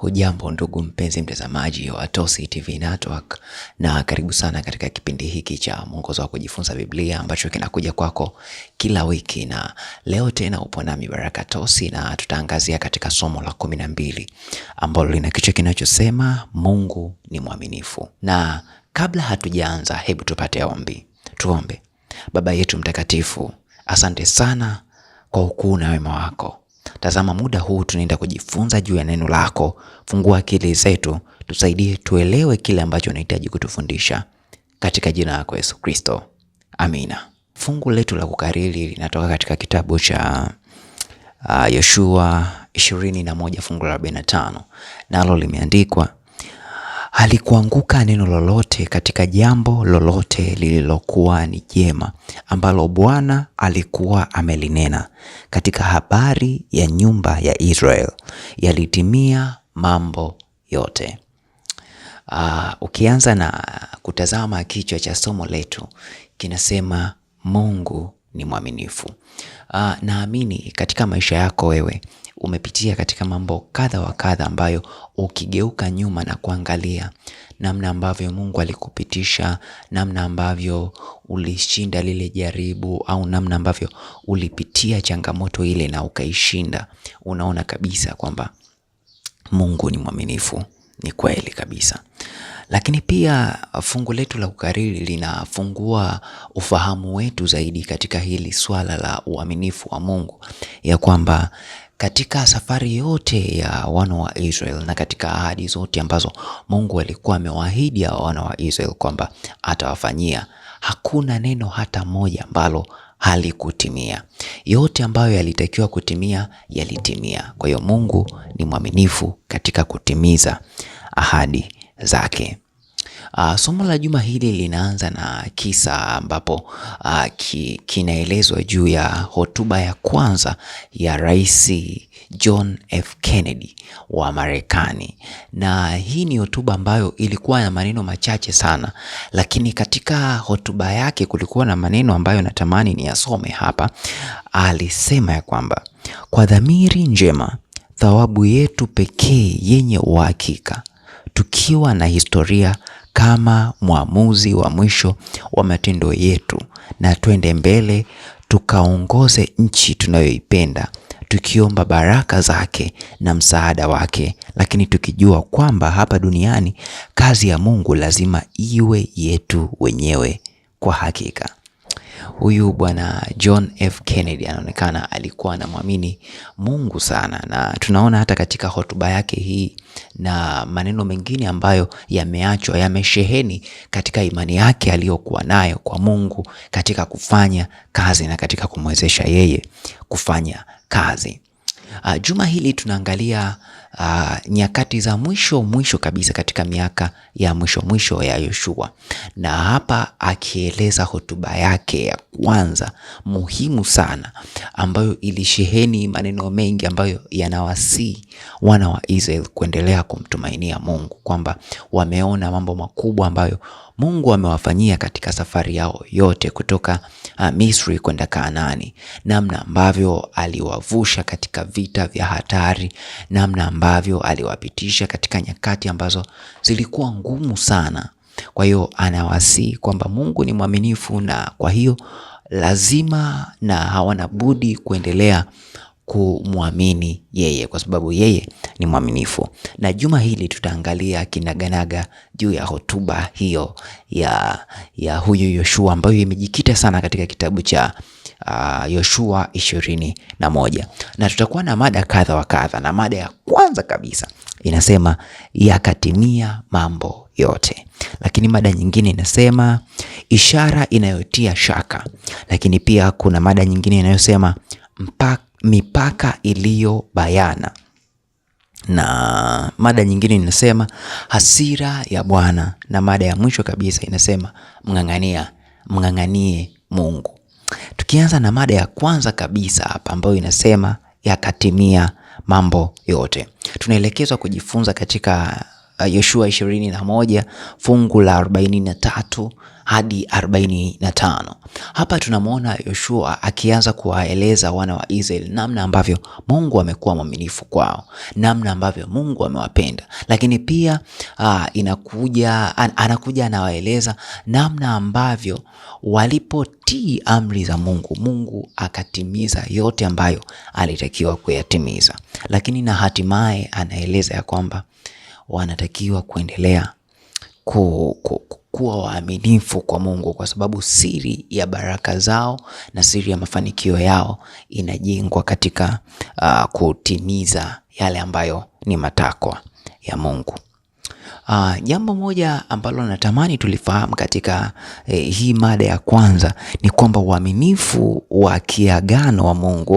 Hujambo ndugu mpenzi mtazamaji wa Tosi TV Network, na karibu sana katika kipindi hiki cha mwongozo wa kujifunza Biblia ambacho kinakuja kwako kila wiki, na leo tena upo nami Baraka Tosi, na tutaangazia katika somo la kumi na mbili ambalo lina kichwa kinachosema Mungu ni mwaminifu. Na kabla hatujaanza, hebu tupate ombi. Tuombe. Baba yetu mtakatifu, asante sana kwa ukuu na wema wako Tazama, muda huu tunaenda kujifunza juu ya neno lako. Fungua akili zetu, tusaidie tuelewe kile ambacho unahitaji kutufundisha katika jina lako Yesu Kristo, amina. Fungu letu la kukariri linatoka katika kitabu cha uh, Yoshua 21 na fungu la 45 nalo limeandikwa Halikuanguka neno lolote katika jambo lolote lililokuwa ni jema ambalo Bwana alikuwa amelinena katika habari ya nyumba ya Israel, yalitimia mambo yote. Uh, ukianza na kutazama kichwa cha somo letu kinasema Mungu ni mwaminifu. Uh, naamini katika maisha yako wewe umepitia katika mambo kadha wa kadha ambayo ukigeuka nyuma na kuangalia namna ambavyo Mungu alikupitisha, namna ambavyo ulishinda lile jaribu, au namna ambavyo ulipitia changamoto ile na ukaishinda, unaona kabisa kwamba Mungu ni mwaminifu. Ni kweli kabisa. Lakini pia fungu letu la ukariri linafungua ufahamu wetu zaidi katika hili swala la uaminifu wa Mungu, ya kwamba katika safari yote ya wana wa Israel na katika ahadi zote ambazo Mungu alikuwa amewaahidi hawa wana wa Israel kwamba atawafanyia, hakuna neno hata moja ambalo halikutimia. Yote ambayo yalitakiwa kutimia yalitimia. Kwa hiyo Mungu ni mwaminifu katika kutimiza ahadi zake. Uh, somo la juma hili linaanza na kisa ambapo uh, ki, kinaelezwa juu ya hotuba ya kwanza ya Rais John F. Kennedy wa Marekani, na hii ni hotuba ambayo ilikuwa na maneno machache sana, lakini katika hotuba yake kulikuwa na maneno ambayo natamani ni yasome hapa. Alisema ya kwamba kwa dhamiri njema, thawabu yetu pekee yenye uhakika, tukiwa na historia kama mwamuzi wa mwisho wa matendo yetu, na twende mbele tukaongoze nchi tunayoipenda tukiomba baraka zake na msaada wake, lakini tukijua kwamba hapa duniani kazi ya Mungu lazima iwe yetu wenyewe kwa hakika. Huyu bwana John F. Kennedy anaonekana alikuwa anamwamini Mungu sana, na tunaona hata katika hotuba yake hii na maneno mengine ambayo yameachwa yamesheheni katika imani yake aliyokuwa nayo kwa Mungu katika kufanya kazi na katika kumwezesha yeye kufanya kazi. Uh, juma hili tunaangalia uh, nyakati za mwisho mwisho kabisa katika miaka ya mwisho mwisho ya Yoshua, na hapa akieleza hotuba yake ya kwanza muhimu sana ambayo ilisheheni maneno mengi ambayo yanawasii wana wa Israeli kuendelea kumtumainia Mungu, kwamba wameona mambo makubwa ambayo Mungu amewafanyia katika safari yao yote kutoka uh, Misri kwenda Kanaani, namna ambavyo aliwavusha katika vita vya hatari, namna ambavyo aliwapitisha katika nyakati ambazo zilikuwa ngumu sana. Kwa hiyo anawasihi kwamba Mungu ni mwaminifu, na kwa hiyo lazima na hawana budi kuendelea kumwamini yeye kwa sababu yeye ni mwaminifu. Na juma hili tutaangalia kinaganaga juu ya hotuba hiyo ya, ya huyu Yoshua ambayo imejikita sana katika kitabu cha uh, Yoshua ishirini na moja na tutakuwa na mada kadha wa kadha, na mada ya kwanza kabisa inasema yakatimia mambo yote, lakini mada nyingine inasema ishara inayotia shaka, lakini pia kuna mada nyingine inayosema mpaka mipaka iliyo bayana. Na mada nyingine inasema hasira ya Bwana, na mada ya mwisho kabisa inasema mng'ang'ania, mng'ang'anie Mungu. Tukianza na mada ya kwanza kabisa hapa ambayo inasema yakatimia mambo yote, tunaelekezwa kujifunza katika Uh, Yoshua ishirini na moja fungu la arobaini na tatu hadi arobaini na tano. Hapa tunamwona Yoshua akianza kuwaeleza wana wa Israeli namna ambavyo Mungu amekuwa mwaminifu kwao, namna ambavyo Mungu amewapenda, lakini pia uh, inakuja an, anakuja anawaeleza namna ambavyo walipotii amri za Mungu, Mungu akatimiza yote ambayo alitakiwa kuyatimiza, lakini na hatimaye anaeleza ya kwamba wanatakiwa kuendelea ku, ku, kuwa waaminifu kwa Mungu kwa sababu siri ya baraka zao na siri ya mafanikio yao inajengwa katika uh, kutimiza yale ambayo ni matakwa ya Mungu. Uh, jambo moja ambalo natamani tulifahamu katika eh, hii mada ya kwanza ni kwamba uaminifu wa kiagano wa Mungu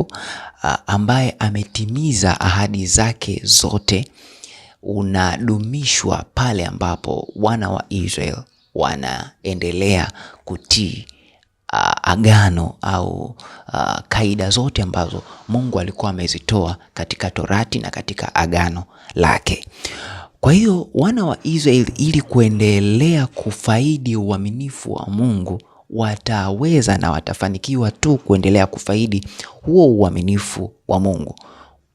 uh, ambaye ametimiza ahadi zake zote unadumishwa pale ambapo wana wa Israel wanaendelea kutii uh, agano au uh, kaida zote ambazo Mungu alikuwa amezitoa katika Torati na katika agano lake. Kwa hiyo wana wa Israel ili kuendelea kufaidi uaminifu wa Mungu wataweza na watafanikiwa tu kuendelea kufaidi huo uaminifu wa Mungu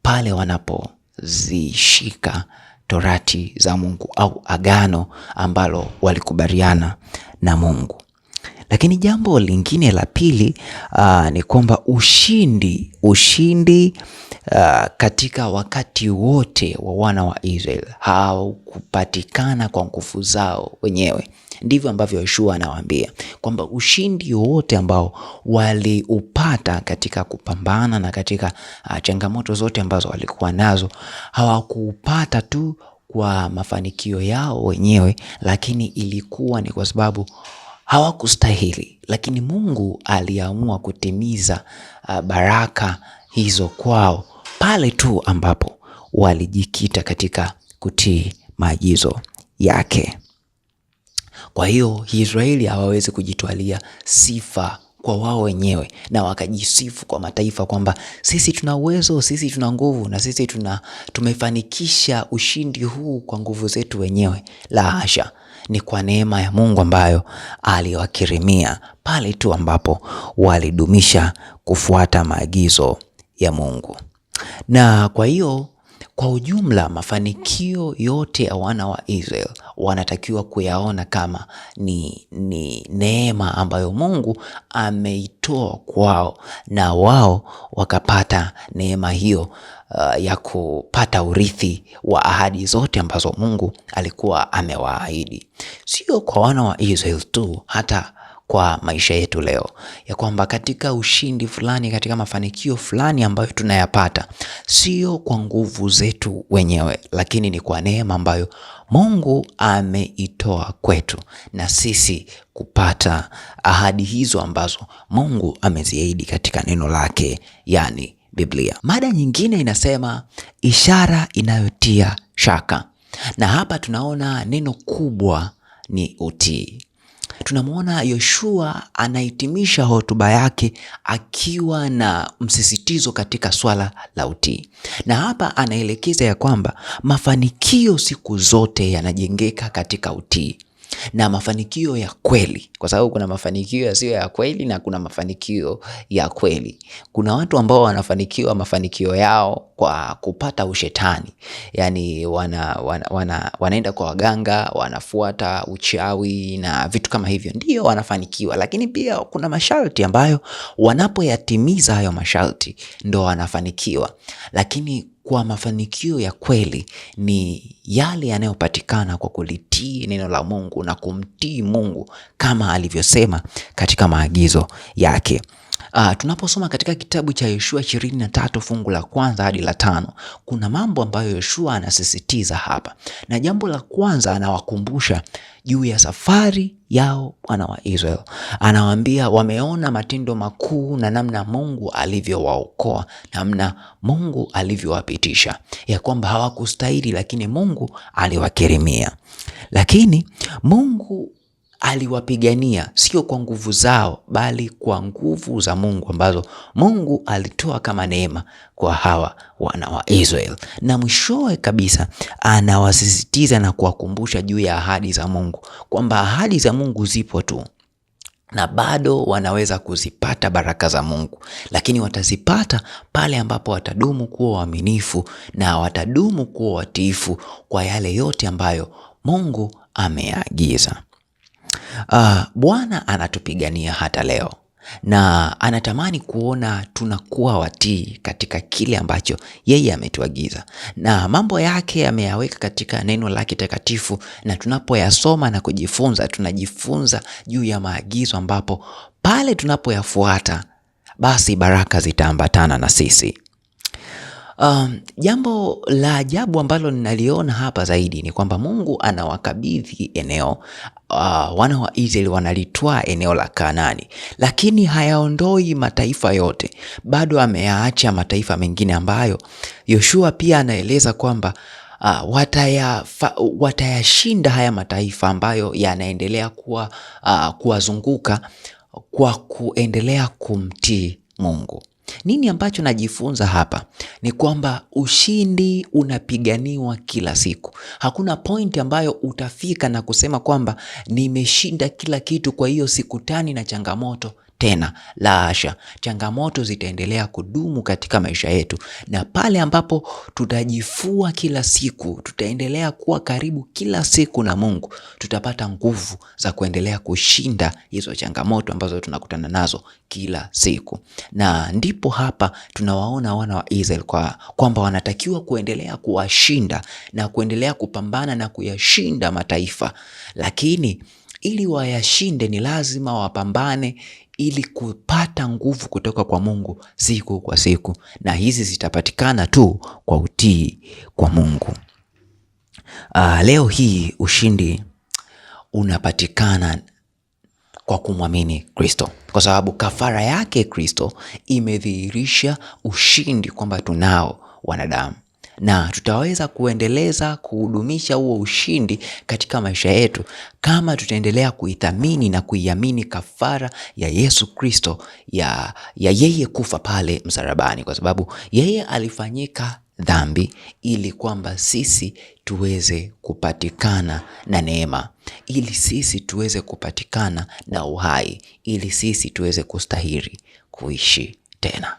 pale wanapozishika torati za Mungu au agano ambalo walikubaliana na Mungu. Lakini jambo lingine la pili aa, ah, ni kwamba ushindi ushindi aa, ah, katika wakati wote wa wana wa Israeli haukupatikana kwa nguvu zao wenyewe Ndivyo ambavyo Yeshua anawaambia kwamba ushindi wowote ambao waliupata katika kupambana na katika uh, changamoto zote ambazo walikuwa nazo hawakuupata tu kwa mafanikio yao wenyewe, lakini ilikuwa ni kwa sababu hawakustahili, lakini Mungu aliamua kutimiza uh, baraka hizo kwao pale tu ambapo walijikita katika kutii maagizo yake. Kwa hiyo Israeli hawawezi kujitwalia sifa kwa wao wenyewe na wakajisifu kwa mataifa kwamba sisi tuna uwezo, sisi tuna nguvu na sisi tuna tumefanikisha ushindi huu kwa nguvu zetu wenyewe. La hasha, ni kwa neema ya Mungu ambayo aliwakirimia pale tu ambapo walidumisha kufuata maagizo ya Mungu. Na kwa hiyo kwa ujumla, mafanikio yote ya wana wa Israel wanatakiwa kuyaona kama ni, ni neema ambayo Mungu ameitoa kwao na wao wakapata neema hiyo uh, ya kupata urithi wa ahadi zote ambazo Mungu alikuwa amewaahidi, sio kwa wana wa Israel tu, hata kwa maisha yetu leo, ya kwamba katika ushindi fulani, katika mafanikio fulani ambayo tunayapata, sio kwa nguvu zetu wenyewe, lakini ni kwa neema ambayo Mungu ameitoa kwetu, na sisi kupata ahadi hizo ambazo Mungu ameziahidi katika neno lake, yani Biblia. Mada nyingine inasema ishara inayotia shaka, na hapa tunaona neno kubwa ni utii tunamwona Yoshua anahitimisha hotuba yake akiwa na msisitizo katika swala la utii, na hapa anaelekeza ya kwamba mafanikio siku zote yanajengeka katika utii na mafanikio ya kweli, kwa sababu kuna mafanikio yasiyo ya kweli na kuna mafanikio ya kweli. Kuna watu ambao wanafanikiwa mafanikio yao kwa kupata ushetani, yani wana, wana, wana, wanaenda kwa waganga, wanafuata uchawi na vitu kama hivyo, ndio wanafanikiwa. Lakini pia kuna masharti ambayo wanapoyatimiza hayo masharti ndo wanafanikiwa, lakini kuwa mafanikio ya kweli ni yale yanayopatikana kwa kulitii neno la Mungu na kumtii Mungu kama alivyosema katika maagizo yake. Uh, tunaposoma katika kitabu cha Yoshua ishirini na tatu fungu la kwanza hadi la tano kuna mambo ambayo Yoshua anasisitiza hapa, na jambo la kwanza anawakumbusha juu ya safari yao wana wa Israel. Anawaambia wameona matendo makuu na namna Mungu alivyowaokoa, namna Mungu alivyowapitisha, ya kwamba hawakustahili, lakini Mungu aliwakirimia. Lakini Mungu aliwapigania sio kwa nguvu zao, bali kwa nguvu za Mungu ambazo Mungu alitoa kama neema kwa hawa wana wa Israel. Na mwishowe kabisa, anawasisitiza na kuwakumbusha juu ya ahadi za Mungu kwamba ahadi za Mungu zipo tu na bado wanaweza kuzipata baraka za Mungu, lakini watazipata pale ambapo watadumu kuwa waaminifu na watadumu kuwa watiifu kwa yale yote ambayo Mungu ameagiza. Uh, Bwana anatupigania hata leo na anatamani kuona tunakuwa watii katika kile ambacho yeye ametuagiza, na mambo yake ameyaweka katika neno lake takatifu, na tunapoyasoma na kujifunza, tunajifunza juu ya maagizo, ambapo pale tunapoyafuata basi baraka zitaambatana na sisi. Um, jambo la ajabu ambalo ninaliona hapa zaidi ni kwamba Mungu anawakabidhi eneo uh, wana wa Israeli wanalitwaa eneo la Kanaani, lakini hayaondoi mataifa yote, bado ameyaacha mataifa mengine ambayo Yoshua pia anaeleza kwamba Uh, watayafa, watayashinda haya mataifa ambayo yanaendelea kuwa uh, kuwazunguka kwa kuendelea kumtii Mungu. Nini ambacho najifunza hapa ni kwamba ushindi unapiganiwa kila siku. Hakuna point ambayo utafika na kusema kwamba nimeshinda kila kitu, kwa hiyo sikutani na changamoto tena, la hasha. Changamoto zitaendelea kudumu katika maisha yetu, na pale ambapo tutajifua kila siku, tutaendelea kuwa karibu kila siku na Mungu, tutapata nguvu za kuendelea kushinda hizo changamoto ambazo tunakutana nazo kila siku, na ndipo hapa tunawaona wana wa Israeli kwa kwamba wanatakiwa kuendelea kuwashinda na kuendelea kupambana na kuyashinda mataifa, lakini ili wayashinde ni lazima wapambane ili kupata nguvu kutoka kwa Mungu siku kwa siku, na hizi zitapatikana tu kwa utii kwa Mungu. Uh, leo hii ushindi unapatikana kwa kumwamini Kristo, kwa sababu kafara yake Kristo imedhihirisha ushindi kwamba tunao wanadamu na tutaweza kuendeleza kuhudumisha huo ushindi katika maisha yetu kama tutaendelea kuithamini na kuiamini kafara ya Yesu Kristo ya, ya yeye kufa pale msalabani, kwa sababu yeye alifanyika dhambi ili kwamba sisi tuweze kupatikana na neema, ili sisi tuweze kupatikana na uhai, ili sisi tuweze kustahiri kuishi tena.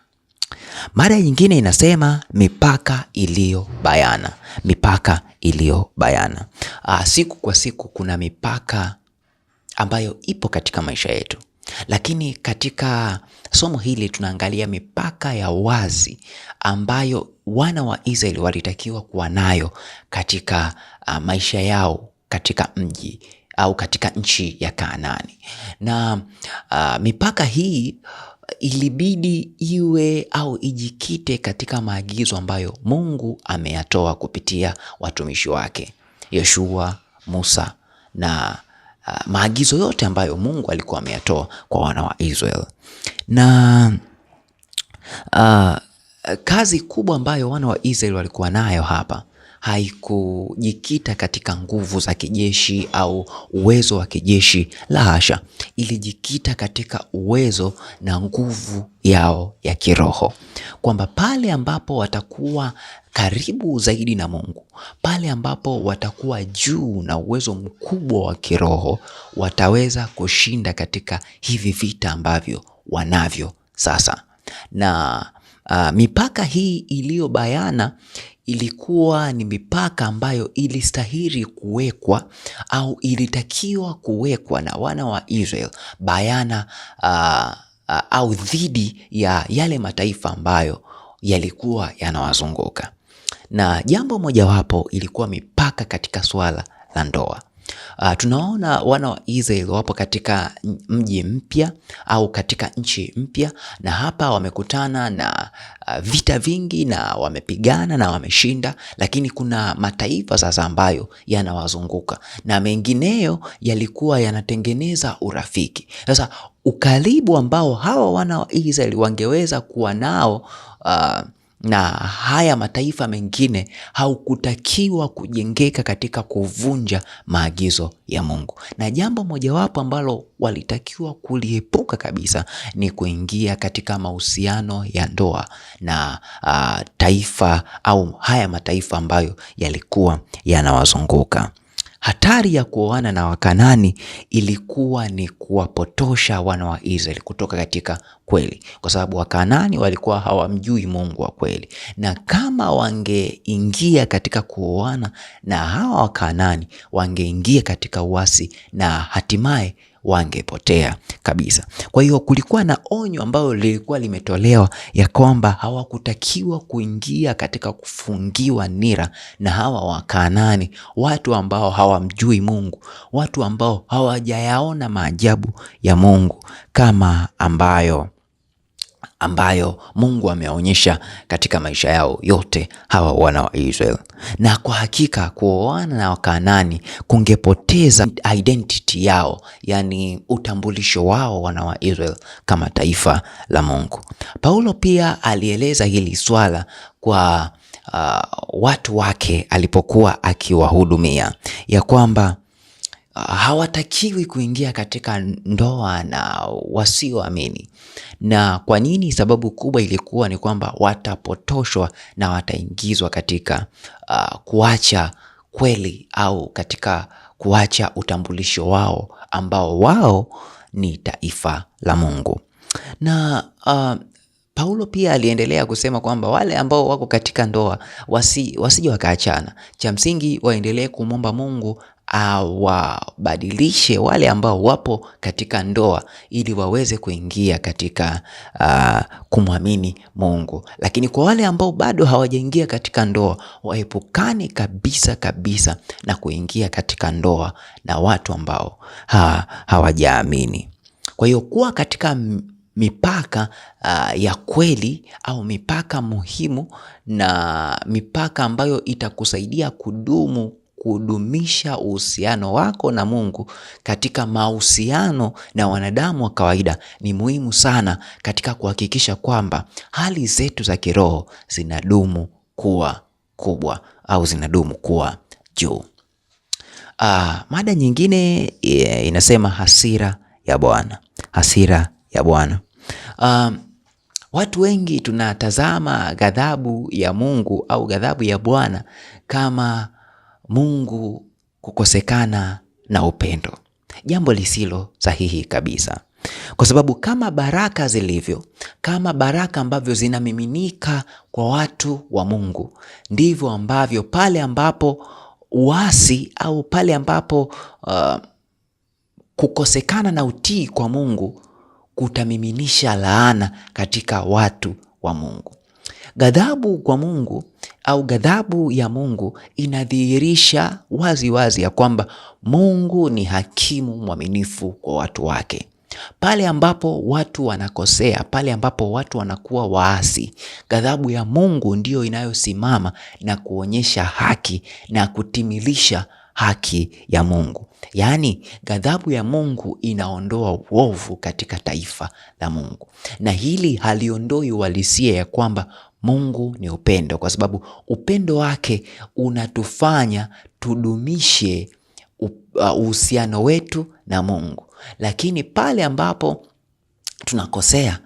Mada nyingine inasema mipaka iliyo bayana, mipaka iliyo bayana. Aa, ah, siku kwa siku kuna mipaka ambayo ipo katika maisha yetu, lakini katika somo hili tunaangalia mipaka ya wazi ambayo wana wa Israeli walitakiwa kuwa nayo katika uh, maisha yao katika mji au katika nchi ya Kanaani na uh, mipaka hii ilibidi iwe au ijikite katika maagizo ambayo Mungu ameyatoa kupitia watumishi wake yeshua Musa na uh, maagizo yote ambayo Mungu alikuwa ameyatoa kwa wana wa Israel. Na uh, kazi kubwa ambayo wana wa Israel walikuwa nayo hapa haikujikita katika nguvu za kijeshi au uwezo wa kijeshi, la hasha, ilijikita katika uwezo na nguvu yao ya kiroho, kwamba pale ambapo watakuwa karibu zaidi na Mungu, pale ambapo watakuwa juu na uwezo mkubwa wa kiroho, wataweza kushinda katika hivi vita ambavyo wanavyo sasa na uh, mipaka hii iliyo bayana ilikuwa ni mipaka ambayo ilistahili kuwekwa au ilitakiwa kuwekwa na wana wa Israel bayana uh, uh, au dhidi ya yale mataifa ambayo yalikuwa yanawazunguka, na jambo mojawapo ilikuwa mipaka katika suala la ndoa. Uh, tunaona wana wa Israeli wapo katika mji mpya au katika nchi mpya, na hapa wamekutana na uh, vita vingi na wamepigana na wameshinda, lakini kuna mataifa sasa ambayo yanawazunguka na mengineyo yalikuwa yanatengeneza urafiki. Sasa ukaribu ambao hawa wana wa Israeli wangeweza kuwa nao uh, na haya mataifa mengine haukutakiwa kujengeka katika kuvunja maagizo ya Mungu. Na jambo mojawapo ambalo walitakiwa kuliepuka kabisa ni kuingia katika mahusiano ya ndoa na uh, taifa au haya mataifa ambayo yalikuwa yanawazunguka. Hatari ya kuoana na Wakanani ilikuwa ni kuwapotosha wana wa Israeli kutoka katika kweli, kwa sababu Wakanani walikuwa hawamjui Mungu wa kweli, na kama wangeingia katika kuoana na hawa Wakanani, wangeingia katika uasi na hatimaye wangepotea kabisa. Kwa hiyo kulikuwa na onyo ambayo lilikuwa limetolewa ya kwamba hawakutakiwa kuingia katika kufungiwa nira na hawa Wakanaani, watu ambao hawamjui Mungu, watu ambao hawajayaona maajabu ya Mungu kama ambayo ambayo Mungu ameonyesha katika maisha yao yote hawa wana wa Israel. Na kwa hakika kuoana na Wakanaani kungepoteza identity yao, yani utambulisho wao wana wa Israel kama taifa la Mungu. Paulo pia alieleza hili swala kwa uh, watu wake alipokuwa akiwahudumia ya kwamba hawatakiwi kuingia katika ndoa na wasioamini. Na kwa nini? Sababu kubwa ilikuwa ni kwamba watapotoshwa na wataingizwa katika uh, kuacha kweli au katika kuacha utambulisho wao ambao wao ni taifa la Mungu. Na uh, Paulo pia aliendelea kusema kwamba wale ambao wako katika ndoa wasije wasi wakaachana, cha msingi waendelee kumwomba Mungu awabadilishe wale ambao wapo katika ndoa ili waweze kuingia katika uh, kumwamini Mungu. Lakini kwa wale ambao bado hawajaingia katika ndoa, waepukane kabisa kabisa na kuingia katika ndoa na watu ambao ha, hawajaamini. Kwa hiyo kuwa katika mipaka uh, ya kweli au mipaka muhimu na mipaka ambayo itakusaidia kudumu kudumisha uhusiano wako na Mungu katika mahusiano na wanadamu wa kawaida ni muhimu sana katika kuhakikisha kwamba hali zetu za kiroho zinadumu kuwa kubwa au zinadumu kuwa juu. Ah, mada nyingine yeah, inasema hasira ya Bwana. Hasira ya Bwana. Ah, watu wengi tunatazama ghadhabu ya Mungu au ghadhabu ya Bwana kama Mungu kukosekana na upendo, jambo lisilo sahihi kabisa, kwa sababu kama baraka zilivyo, kama baraka ambavyo zinamiminika kwa watu wa Mungu, ndivyo ambavyo pale ambapo uasi au pale ambapo uh, kukosekana na utii kwa Mungu kutamiminisha laana katika watu wa Mungu. Ghadhabu kwa Mungu au ghadhabu ya Mungu inadhihirisha wazi wazi ya kwamba Mungu ni hakimu mwaminifu kwa watu wake. Pale ambapo watu wanakosea, pale ambapo watu wanakuwa waasi, ghadhabu ya Mungu ndiyo inayosimama na kuonyesha haki na kutimilisha haki ya Mungu. Yaani, ghadhabu ya Mungu inaondoa uovu katika taifa la Mungu, na hili haliondoi uhalisia ya kwamba Mungu ni upendo, kwa sababu upendo wake unatufanya tudumishe uh, uhusiano wetu na Mungu. Lakini pale ambapo tunakosea,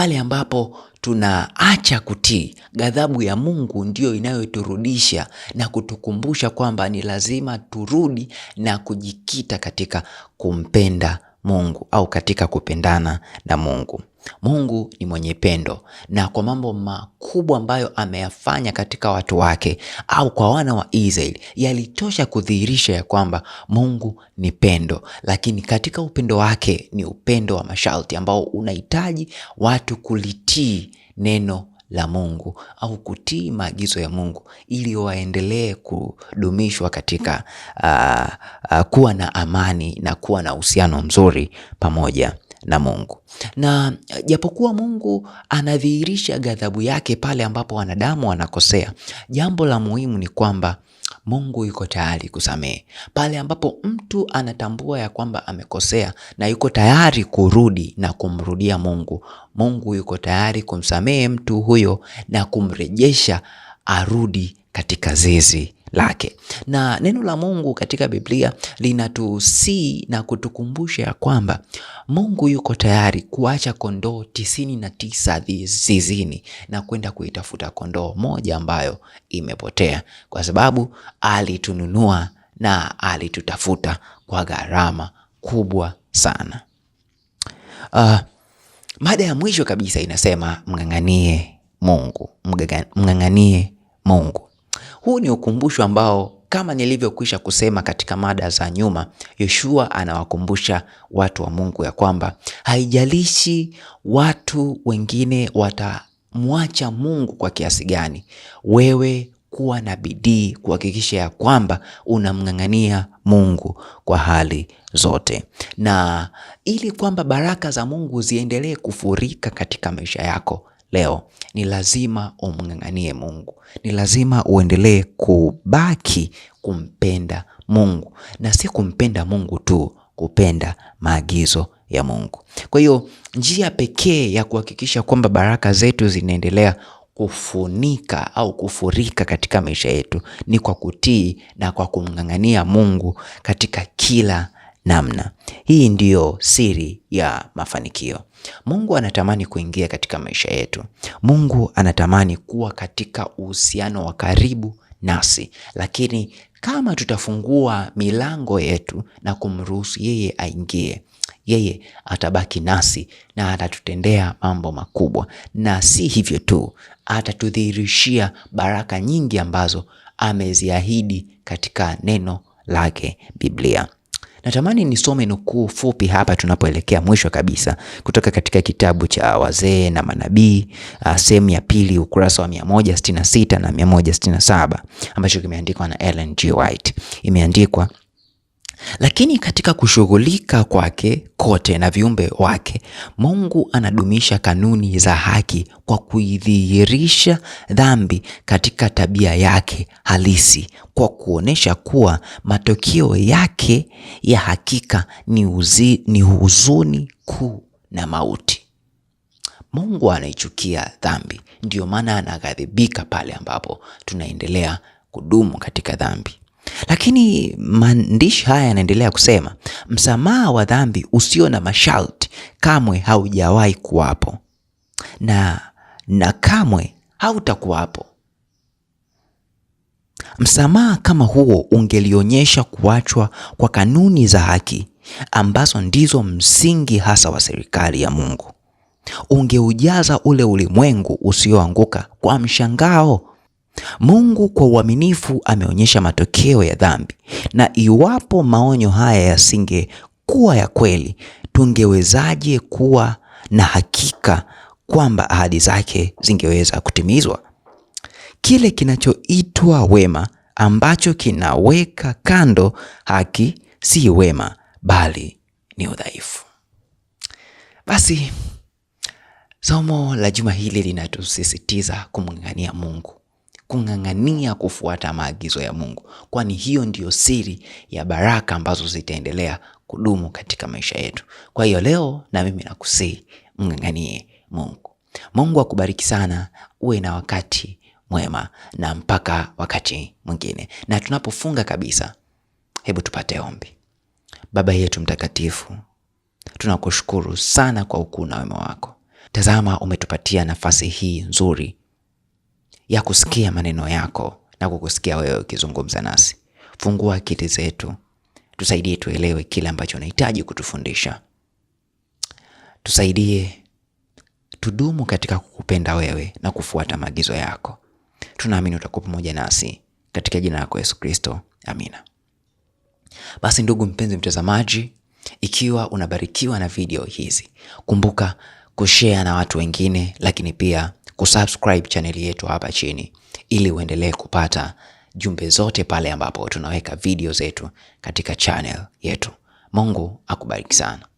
pale ambapo tunaacha kutii, ghadhabu ya Mungu ndiyo inayoturudisha na kutukumbusha kwamba ni lazima turudi na kujikita katika kumpenda Mungu au katika kupendana na Mungu. Mungu ni mwenye pendo na kwa mambo makubwa ambayo ameyafanya katika watu wake au kwa wana wa Israeli yalitosha kudhihirisha ya kwamba Mungu ni pendo, lakini katika upendo wake ni upendo wa masharti ambao unahitaji watu kulitii neno la Mungu au kutii maagizo ya Mungu ili waendelee kudumishwa katika uh, uh, kuwa na amani na kuwa na uhusiano mzuri pamoja na Mungu. Na eh, japokuwa Mungu anadhihirisha ghadhabu yake pale ambapo wanadamu wanakosea, jambo la muhimu ni kwamba Mungu yuko tayari kusamehe pale ambapo mtu anatambua ya kwamba amekosea na yuko tayari kurudi na kumrudia Mungu. Mungu yuko tayari kumsamehe mtu huyo na kumrejesha arudi katika zizi lake. Na neno la Mungu katika Biblia linatusii na kutukumbusha ya kwamba Mungu yuko tayari kuacha kondoo tisini na tisa zizini na kwenda kuitafuta kondoo moja ambayo imepotea, kwa sababu alitununua na alitutafuta kwa gharama kubwa sana. Uh, mada ya mwisho kabisa inasema mng'ang'anie Mungu, mng'ang'anie Mungu. Huu ni ukumbusho ambao kama nilivyokwisha kusema katika mada za nyuma, Yoshua anawakumbusha watu wa Mungu ya kwamba haijalishi watu wengine watamwacha Mungu kwa kiasi gani, wewe kuwa na bidii kuhakikisha ya kwamba unamng'ang'ania Mungu kwa hali zote, na ili kwamba baraka za Mungu ziendelee kufurika katika maisha yako, leo, ni lazima umng'ang'anie Mungu, ni lazima uendelee kubaki kumpenda Mungu na si kumpenda Mungu tu, kupenda maagizo ya Mungu. Kwa hiyo njia pekee ya kuhakikisha kwamba baraka zetu zinaendelea kufunika au kufurika katika maisha yetu ni kwa kutii na kwa kumng'ang'ania Mungu katika kila namna. Hii ndiyo siri ya mafanikio. Mungu anatamani kuingia katika maisha yetu. Mungu anatamani kuwa katika uhusiano wa karibu nasi, lakini kama tutafungua milango yetu na kumruhusu yeye aingie, yeye atabaki nasi na atatutendea mambo makubwa, na si hivyo tu, atatudhihirishia baraka nyingi ambazo ameziahidi katika neno lake Biblia. Natamani nisome nukuu fupi hapa tunapoelekea mwisho kabisa kutoka katika kitabu cha Wazee na Manabii uh, sehemu ya pili ukurasa wa 166 na 167 ambacho kimeandikwa na Ellen G. White. Imeandikwa lakini katika kushughulika kwake kote na viumbe wake, Mungu anadumisha kanuni za haki kwa kuidhihirisha dhambi katika tabia yake halisi, kwa kuonesha kuwa matokeo yake ya hakika ni, uzi, ni huzuni kuu na mauti. Mungu anaichukia dhambi, ndiyo maana anaghadhibika pale ambapo tunaendelea kudumu katika dhambi. Lakini maandishi haya yanaendelea kusema, msamaha wa dhambi usio na masharti kamwe haujawahi kuwapo na, na kamwe hautakuwapo. Msamaha kama huo ungelionyesha kuachwa kwa kanuni za haki ambazo ndizo msingi hasa wa serikali ya Mungu. Ungeujaza ule ulimwengu usioanguka kwa mshangao Mungu kwa uaminifu ameonyesha matokeo ya dhambi, na iwapo maonyo haya yasingekuwa ya kweli, tungewezaje kuwa na hakika kwamba ahadi zake zingeweza kutimizwa? Kile kinachoitwa wema ambacho kinaweka kando haki si wema, bali ni udhaifu. Basi somo la juma hili linatusisitiza kumng'ang'ania Mungu kung'ang'ania kufuata maagizo ya Mungu, kwani hiyo ndiyo siri ya baraka ambazo zitaendelea kudumu katika maisha yetu. Kwa hiyo leo na mimi nakusii mng'ang'anie Mungu. Mungu akubariki sana, uwe na wakati mwema na mpaka wakati mwingine. Na tunapofunga kabisa, hebu tupate ombi. Baba yetu mtakatifu, tunakushukuru sana kwa ukuu na wema wako. Tazama, umetupatia nafasi hii nzuri ya kusikia maneno yako na kukusikia wewe ukizungumza nasi. Fungua akili zetu, tusaidie tuelewe kile ambacho unahitaji kutufundisha. Tusaidie tudumu katika kukupenda wewe na kufuata maagizo yako. Tunaamini utakuwa pamoja nasi katika jina lako Yesu Kristo, amina. Basi ndugu mpenzi mtazamaji, ikiwa unabarikiwa na video hizi, kumbuka kushare na watu wengine, lakini pia kusubscribe chaneli yetu hapa chini ili uendelee kupata jumbe zote pale ambapo tunaweka video zetu katika channel yetu. Mungu akubariki sana.